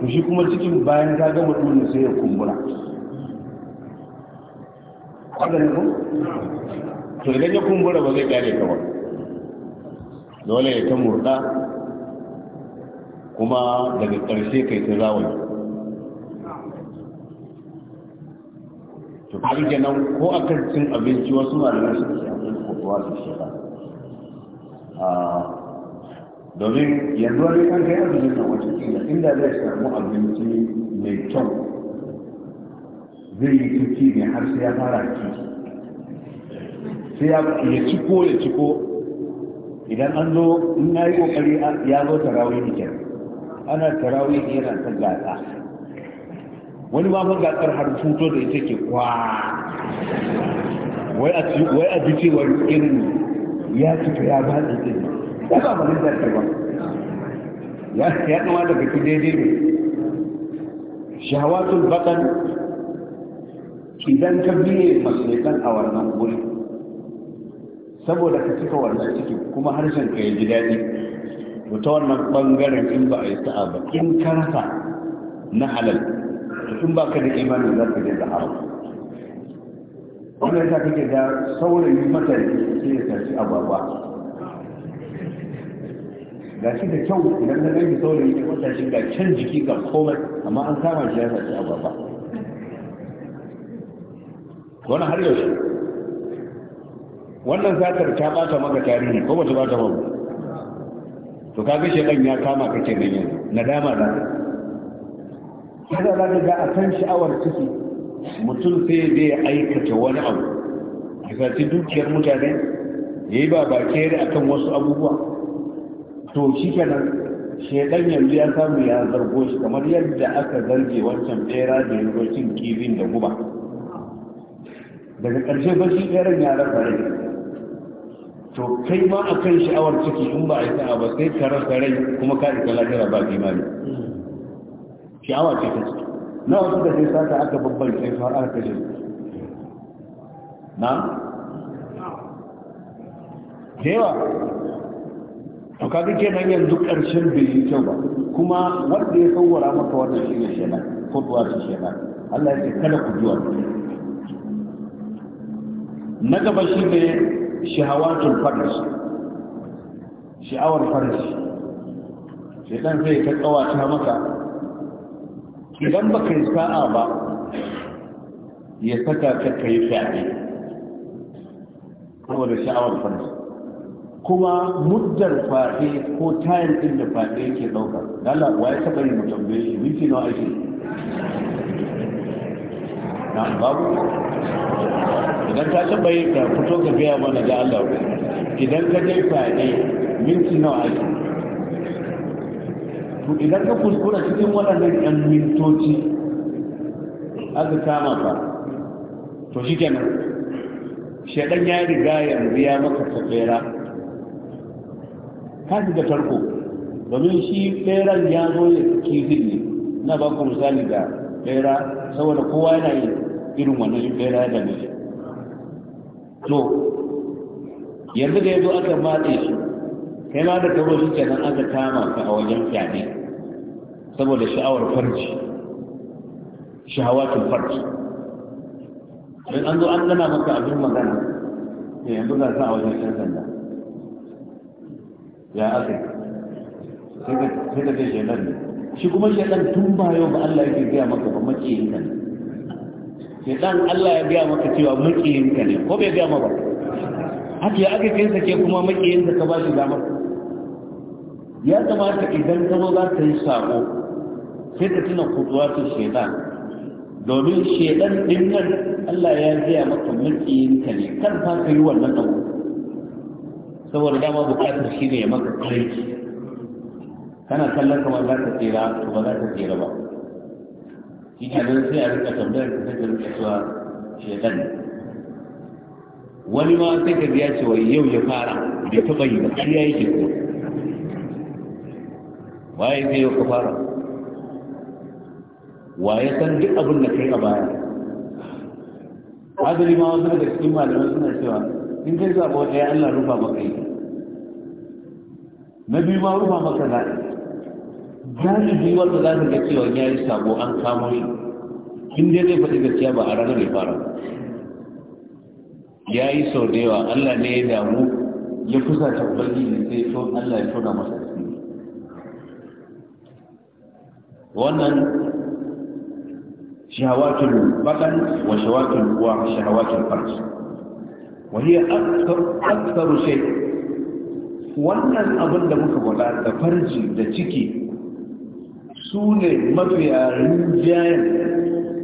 to shi kuma cikin bayan ka gama ɗurin sai ya kumbura haka ko to idan ya kumbura ba zai kare ka dole ya ta murda kuma daga ƙarshe kai ta zawai to kari kenan ko a kan cin abinci wasu malamai su ke akwai kokowa su shi ba ah, domin yanzu wani kan kai abinci na wata kila inda zai samu abinci mai kyau zai yi tuki ne har sai ya fara ciki. sai ya ciko ya ciko idan an zo in na yi kokari ya zo tarawih ne kenan ana tarawih ne yana ta gasa wani ma mun gasar har futo da ita ke kwa wai a ji cewar irin ya cika ya ba da ita ne ba ba da ta ba ya kamata ka fi daidai ne shahawatul bakan idan ka biye masaitan a wannan wurin saboda ka cika wannan ciki kuma harshen ka ya ji daɗi to ta wannan ɓangaren in ba a yi sa'a ba in ka rasa na halal to in ba ka da imanin za ka je da haram wannan yasa kake da saurayi matashi sai ya tashi ababa ga shi da kyau idan ka ɗauki saurayi ya matashi ga can jiki ga komai amma an kama shi ya tashi ababa wani har yaushe wannan satar ta bata maka tarihi ko bata bata ba to kaga shekan ya kama ka nan yanzu nadama da kada za ka ga a kan sha'awar ciki mutum sai zai aikata wani abu a sati dukiyar mutane ya yi baba kere akan wasu abubuwa to shi kenan shekan yanzu ya samu ya zargo shi kamar yadda aka zarge wancan bera da yankocin cin da guba daga ƙarshe bashi yaron ya rasa rai to kai ma a kan sha'awar ciki in ba a yi sa'a ba sai ka rasa rai kuma ka isa lafiya ba ne sha'awa ce ta ciki na wasu da sai sata aka babban sai har aka kashe na da yawa to kaga kenan yanzu ƙarshen bai yi kyau ba kuma wanda ya sauwara maka wannan shi ne shela ko tuwa shi shela Allah ya ce kada ku ji wannan na gaba shi ne shahawatul faris sha'awar faris shaitan zai ta kawata maka idan ba ka yi sa'a ba ya saka ka kai fyaɗe saboda sha'awar faris kuma muddar faɗe ko tayin inda da faɗe yake ɗauka lala wa ya taɓa yin mutum bai shi minti nawa ake na babu idan ka taba yi ka fito ka gaya mana da Allah idan ka je fadi minti nawa ake to idan ka kuskura cikin wannan dan mintoci aka kama ka to shi kenan shaɗan ya riga yanzu ya maka tsakera ka ji da tarko domin shi tseren ya zo ya kizin ne na ba ku misali da tsera saboda kowa yana yin irin wannan tsera da mai to yanzu da ya zo aka matse shi kai ma da tabo shi kenan aka kama ka a wajen fyaɗe saboda sha'awar farji shahawatul farji don an zo an gana maka abin magana yanzu ga sa a wajen shan sanda ya aka sai ka ce shi nan ne shi kuma shi ɗan tun ba yau ba Allah yake gaya maka ba maƙiyin nan shedan Allah ya biya maka cewa makiyinka ne ko bai biya maka haka ya aka kai sake kuma makiyinka ka ba shi damar ya kamata idan ka zo za ta yi sako sai ka tuna ta shedan domin shedan din nan Allah ya biya maka makiyinka ne kan fa ka yi wannan abu saboda dama bukatar shi ne ya maka kai kana kallon kamar za ka tsira to ba za ka tsira ba shi ke nan sai a rika tambayar ka sai ka rika cewa shedan wani ma sai ka ya cewa yau ya fara bai taɓa yi ba ƙarya yake ko waye sai yau ka fara waye san duk abin da kai a baya hadari ma wasu daga cikin malamai suna cewa in kai zaɓa wata ya Allah rufa maka yi na biyu ma rufa maka zaɓi yi wanda za ka ga cewa ya yi sabo an kamo shi in dai zai faɗi gaskiya ba a ranar ya fara ya yi sau da yawa allah ne ya damu ya kusa ta da sai to allah ya tona masa wannan shahawatul bakan wa shahawatul wa shahawatul farj wani hiya akthar akthar wannan abin da muka gwada da farji da ciki su ne mafiya rinjiyar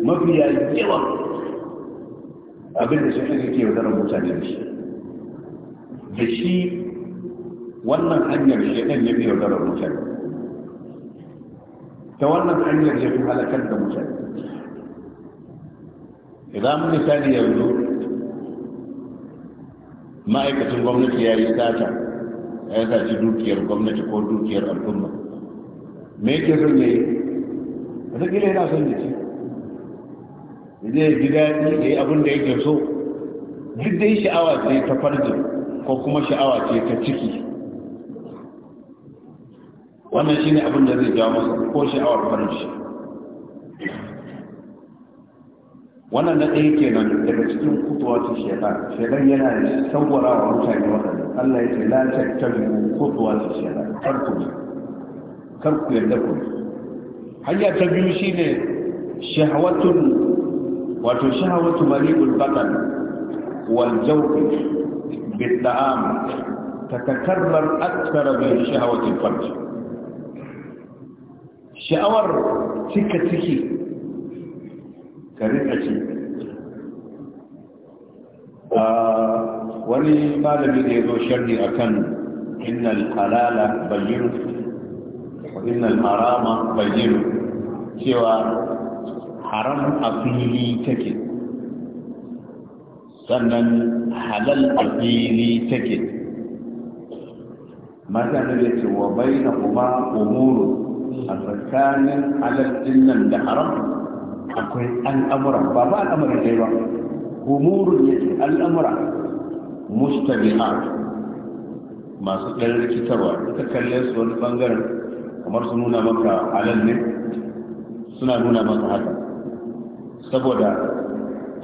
mafiya yawa abinda suke suke yaudarar mutane da shi da shi wannan hanyar shaɗan ya fi yaudarar mutane ta wannan hanyar ya fi halakar da mutane idan misali yanzu ma'aikacin gwamnati ya yi sata ya saci dukiyar gwamnati ko dukiyar al'umma me yake son ya yi wataƙila yana son jiki. zai ji daɗi ya yi abin da yake so duk dai sha'awa ce ta farjin ko kuma sha'awa ce ta ciki wannan shine abin da zai jawo masa ko sha'awar farji wannan na ɗaya kenan daga cikin kutuwa ta shekara shekar yana da sauwara wa mutane waɗanda allah ya ce la tattabi kutuwa ta shekara farko ne kar ku yarda ku hanya ta biyu shine shahwatun wato shahwatu mari'ul batal wal jawf bil ta'am tatakarrar akthar min shahwati farj sha'awar cika ciki ka rika ci wani malami da ya zo sharri akan innal halala bayyinu innal marama bayyinu cewa haram a fili take sannan halal a fili take mata da ya ce wa bayyana kuma umuru a tsakanin halal dinnan da haram akwai al'amura ba ba al'amura dai ba umurun ya ce al'amura mustabi'a masu ɗan rikitarwa ita kalle su wani ɓangaren kamar su nuna maka alal ne suna nuna maka haka saboda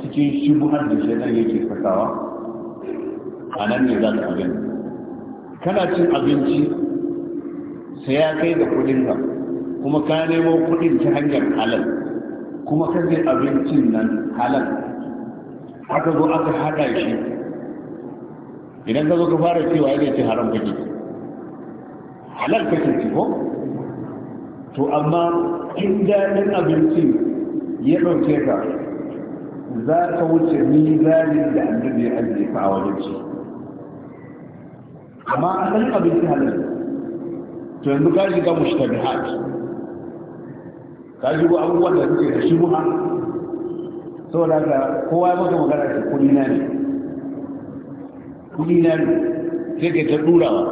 cikin shubuhar da shaitan yake sakawa a nan ne za ka abin kana cin abinci sai ya kai da kudin ka kuma ka nemo kudin ta hanyar halal kuma ka zai abincin nan halal aka zo aka haɗa shi idan ka zo ka fara cewa ya ce haram kake halal kake ci ko to amma in daɗin abinci ya dauke ka za ka wuce mizanin da annabi ya aje ka a wajen shi amma a ɗan abinci halin to yanzu ka shiga mushtabihat ka shigo abubuwan da suke da shubuha saboda ka kowa maka magana ce kuɗi na ne kuɗi na ne sai ka ta ɗurawa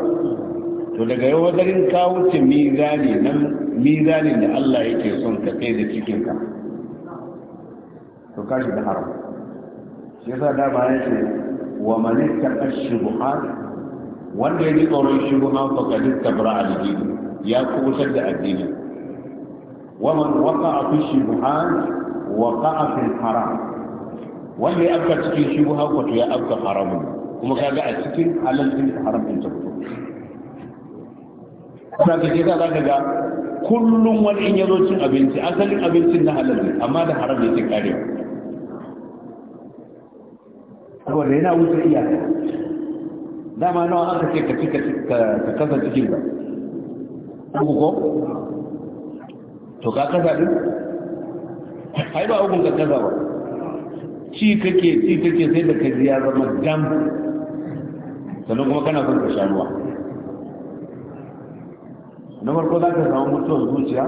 to daga yau wajen ka wuce mizani nan mizanin da Allah yake son ka kai da cikin ka to kashi da haram shi yasa da ba ya ce wa man ittaqa shubuhat wanda ya ji tsoron shubuhat fa kad istabra al ya kubutar da addini wa man waqa'a fi shubuhat waqa'a fi haram wanda ya afka cikin shubuhat ko ya afka haramun kuma kaga a cikin halal din haram din ta fito saka ke za ka ga kullum wani in yazo cin abinci asalin abincin na halal ne amma da haram ne ke karewa saboda yana wuce iyaka dama nawa aka ce ka ci ka ka kasa cikin ba uku ko to ka kasa din ai ba hukun ka kasa ba ci kake ci kake sai da ka ji ya zama jam. sannan kuma kana son ka sha ruwa na farko za ka samu mutuwar zuciya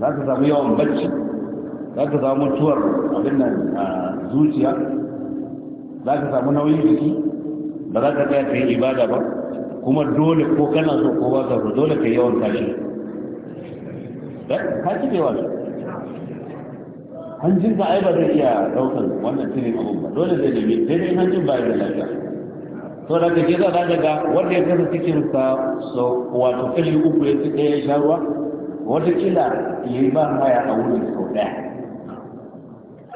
za ka samu yawan bacci za ka samu mutuwar abin nan zuciya za ka samu nauyin jiki ba za ka tsaya ka yi ibada ba kuma dole ko kana so ko ba ka so dole ka yi yawan tashi ka ci kewa ne hanjin ka ai ba zai iya daukan wannan cire abubuwa dole zai nemi sai dai hanjin ba ya da lafiya to daga ke da daga wanda ya kasa cikin sa so wato kalli uku ya tuka ya sha ruwa watakila ya yi ba haya a wurin sau daya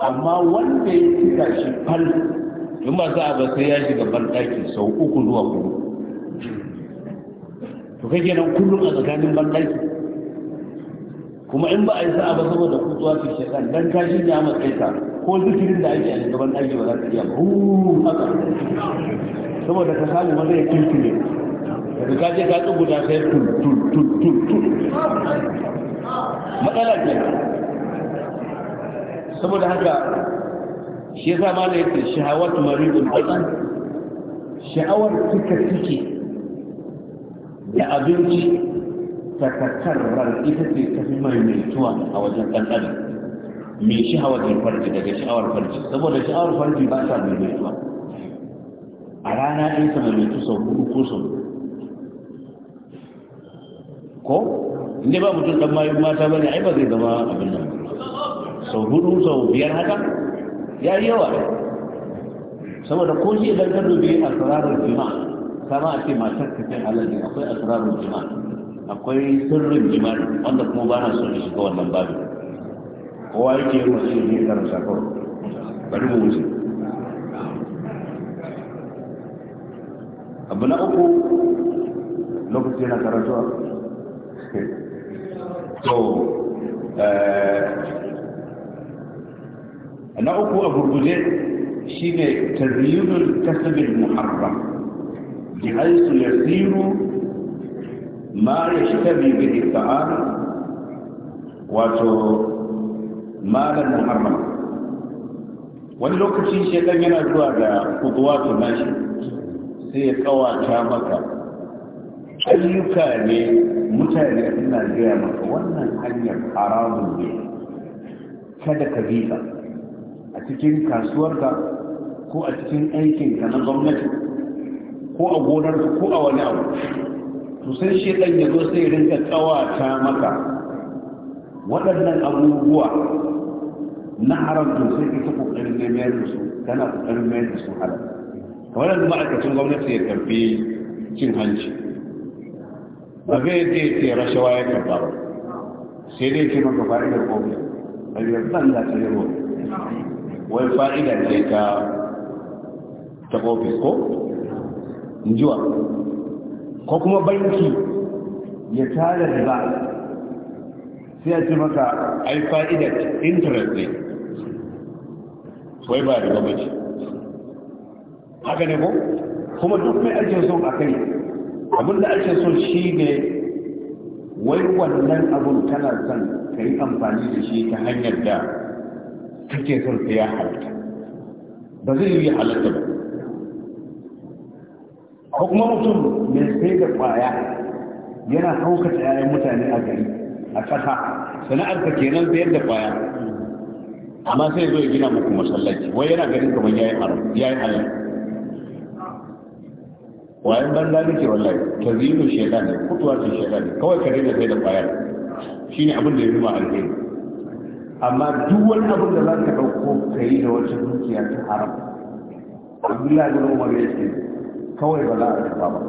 amma wanda ya tuka shi fal in ba za a ba sai ya shiga banɗaki sau uku zuwa kudu to kake nan kullum a tsakanin banɗaki kuma in ba a yi sa'a ba saboda kutuwa su shekan dan kashi ne a matsayi ko zikirin da ake a shugaban ɗaki ba za ka iya ba haka saboda ka samu mazai ya kirkire daga kaje ka tsuguda sai tul tul tul tul tul matsala ke saboda haka shi yasa ma da yake shahawar maridun baɗan sha'awar suka suke da abinci takakarrar ita ce ta fi mai tuwa a wajen ɗanɗanin mai shahawar farji daga shahawar farji saboda shahawar farji ba ta mai tuwa a rana ɗin sa mai sau hudu ko sau ko inda ba mutum ɗan mayu mata ba ne ai ba zai zama abin nan sau hudu sau biyar haka ya yi yawa saboda ko shi idan ka dubi a tsararar jima sama a ce matar ka ce halal ne akwai a jima akwai sirrin jima wanda kuma ba na son shiga wannan babu kowa yake yi masu yi ne karanta kawai bari mu wuce na uku lokaci yana karatuwa to eh, na uku a gurguje shi ne tarziyunul kasabin muharram bi haisu yasiru ma ya wato muharram wani lokaci shi yana zuwa da kuguwa to nashi sai ya kawata maka ayyuka ne mutane suna gaya maka wannan hanyar haramun ne kada ka bi a cikin kasuwarka ko a cikin aikinka na gwamnati ko a gonarka ko a wani abu to sai shi dan ya zo sai rinka kawata maka waɗannan abubuwa na haramun sai ka ta ƙoƙarin su tana ƙoƙarin neman su halal wannan ma'aikacin gwamnati ya tafi cin hanci ba zai ce ce rashawa ya karba ba sai dai ce maka fa'idar kofi a yi zan da ta yaro wai fa'ida ce ta ta ofis ko njuwa ko kuma banki ya tara ba sai ya ce maka ai fa'idar interest ne wai ba da gwamnati? haka ne ko kuma duk mai ake son a kai abin da ake son shi ne wai wannan abun kana son ka yi amfani da shi ta hanyar da kake son ka ya halatta ba zai yi halatta ba ko kuma mutum mai sai da kwaya yana haukata yayan mutane a gari a ƙasa sana'ar ka kenan sayar da kwaya amma sai zo ya gina muku masallaci wai yana ganin kamar yayin haram yayi wayan banza nake wallahi ta zinu sheda ne kutuwa ce sheda ne kawai ka daina kai da kwaya shine abin da ya zuma alheri amma duk wani abin da za ka ɗauko ka da wacce dukiya ta haram abdullahi bin umar ya ce kawai ba za a taɓa ba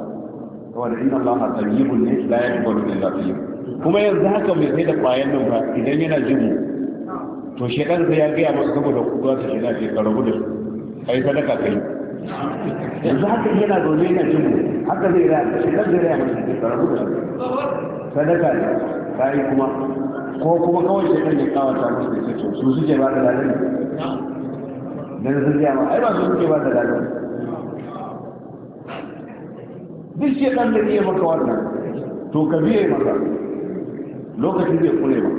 saboda inna Allah tayyibun ne la yaqbalu illa tayyib kuma yanzu haka mai kai da kwayan nan ba idan yana jin mu to shaitan sai ya ga masa saboda kutuwa ta shaitan ne ka rabu da su kai sadaka kai yanzu haka yana zaune yana jin haka zai raya shi kan zai raya da ke rabu da sadaka ne bayan kuma ko kuma kawai shi kan ya kawata musu da ceto su suke ba da ladan Na sun ji ma ai ba su suke ba da ladan duk shi kan da niyar maka wannan to ka biye maka lokacin zai kure ba.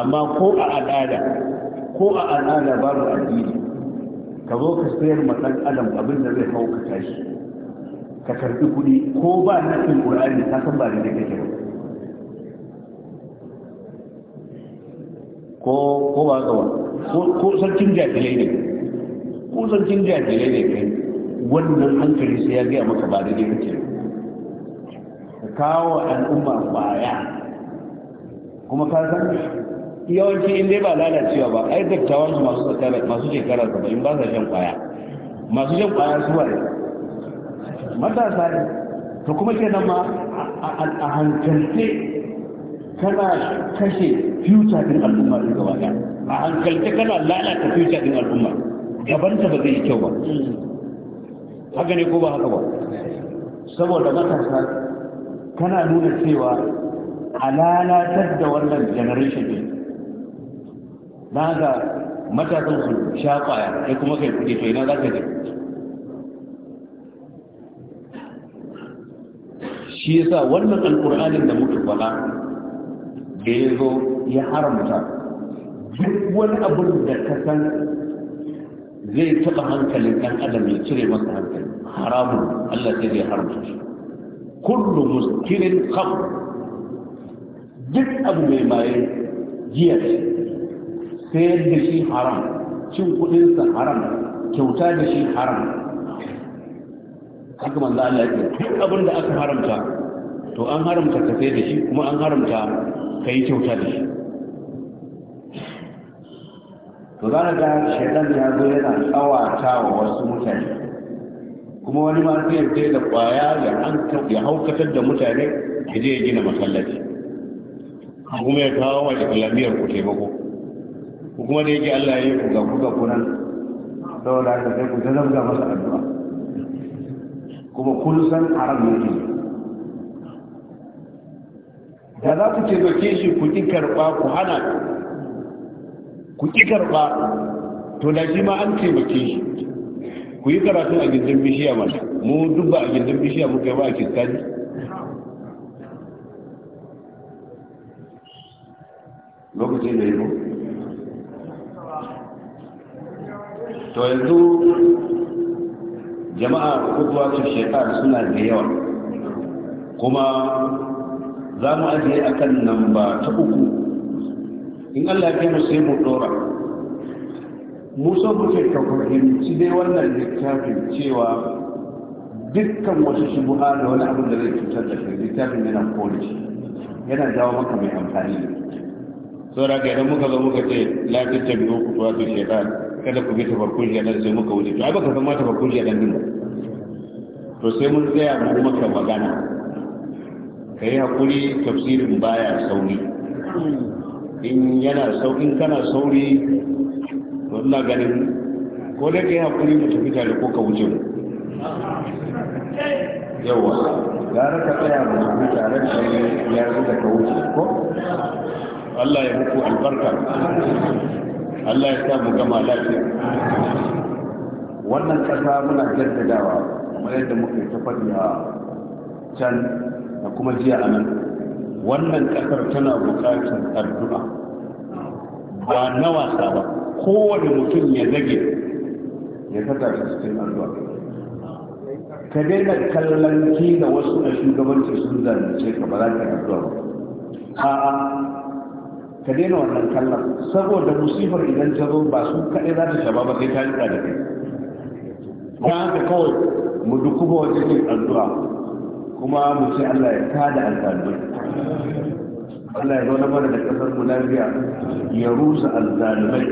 amma ko a al'ada ko a al'ada babu addini ka zo ka sayar ma ɗan adam abin da zai hau ka tashi ka karɓi kuɗi ko ba nafin ƙur'ani ka san ba da kake ba ko ko ba ga ko sarkin jahilai ne ko sarkin jahilai ne kai wannan hankali sai ya gaya maka ba da kake ba ka kawo al'umma baya kuma ka san yawanci in dai ba lalacewa ba ai dattawan masu masu shekara in ba sa shan kwaya masu shan kwaya su ne matasa ne to kuma nan ma a hankalce kana kashe future din al'umma din gaba ɗaya a hankalce kana lalata future din al'umma ta ba zai yi kyau ba haka ne ko ba haka ba saboda matasa kana nuna cewa a lalatar da wannan generation din na haka matasan su sha kwaya sai kuma kai kuɗi to ina za ka je shi yasa wannan alƙur'anin da mutu faɗa da ya zo ya haramta duk wani abin da ka san zai taɓa hankalin ɗan adam ya cire masa hankali haramun Allah sai zai haramta shi kullu muskirin khamr duk abu mai maye jiya. sayar da shi haram cin kudinsa haram kyauta da shi haram haka manzo Allah ya duk abin da aka haramta to an haramta ka sayar da shi kuma an haramta ka yi kyauta da shi to za ga shaidan ya zo yana tsawata wa wasu mutane kuma wani ma sai ya da kwaya ya haukatar da mutane ya je ya gina masallaci kuma ya kawo wa islamiyyar ku taimako kuma da yake Allah ya yi ku ga ku ga kunan saboda haka sai ku ga masa addu'a kuma kun san haram yake da za ku ce doke shi ku ki karba ku hana ku ki karba to da shi ma an taimake shi ku yi karatun a gindin bishiya mana mu dubba a gindin bishiya mu kai ba a kiskani lokacin da yi to yanzu jama'a kuduwa su shekar suna da yawa kuma za mu ajiye a kan nan ba ta uku in allah ya mu sai mu dora musa ce ka fahimci dai wannan littafin cewa dukkan wasu buha da wani abin da zai cutar da shi littafin yana kone yana jawo maka mai amfani da sau idan muka zo muka ce lafiyar tabi'o kutuwa su shekar kada ku bi tafakkun shaidan sai muka wuce to ai baka san ma tafakkun shaidan din to sai mun tsaya mu maka magana kai hakuri tafsirin baya sauri in yana saukin kana sauri to ina ganin ko da kai hakuri mu tafi tare ko ka wuce mu yawa gara ka tsaya mu tafi tare da shi ya zuka ka wuce ko Allah ya muku albarka Allah ya sa mu gama lafiya wannan kasa muna jaddadawa kuma yadda muke ta faɗi a can da kuma jiya a nan wannan ƙasar tana buƙatar addu'a ba na wasa ba kowane mutum ya zage ya saka shi cikin addu'a ka daina kallon ki da wasu a shugabanci sun zance ka ba za ka addu'a ba ka daina wannan kallon saboda musifar idan ta zo ba su kaɗai za ta shaba ba sai ta rika da kai ta haka kawai mu dukuba wajen yin addu'a kuma mu ce Allah ya da alzalmai Allah ya na mana da ƙasar mu lafiya ya rusa alzalmai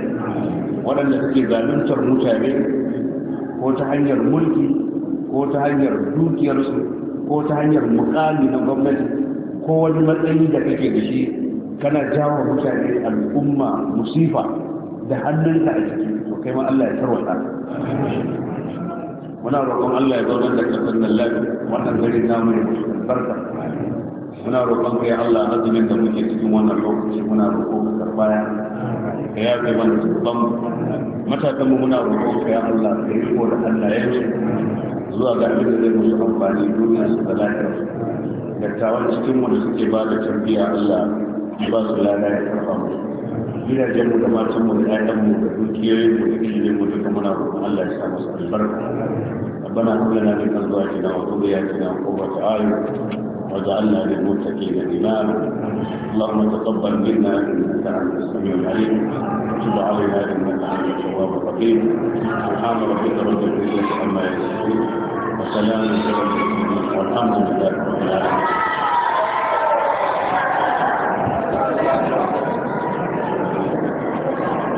waɗanda suke zaluntar mutane ko ta hanyar mulki ko ta hanyar dukiyarsu ko ta hanyar muƙami na gwamnati ko wani matsayi da kake da shi kana jawo mutane al'umma musifa da hannunka a ciki to kai ma Allah ya tarwata muna roƙon Allah ya zauna da ƙasar nan lafi wannan gari namu ne barka muna roƙon kai Allah na azumin da muke cikin wannan lokaci muna roƙon ka baya. ka ya kai mana tsuban matakan mu muna roƙon kai Allah ka yi ko da Allah ya yi zuwa ga abin da zai musu amfani duniya su da lafiyar dattawan cikin mu da suke ba da tarbiyya Allah ya ba su lada ya karfa mu gidajen mu da matan mu da ƴaƴan mu da dukiyoyin mu da ilimin mu duka muna roƙon Allah ya sa musu albarka ربنا هب لنا من ازواجنا وذرياتنا قرة اعين وجعلنا للمتقين اماما اللهم تقبل منا انك انت السميع العليم وتب علينا انك انت التواب الرحيم سبحان ربك رب العزه عما يصفون وسلام على المرسلين والحمد لله رب العالمين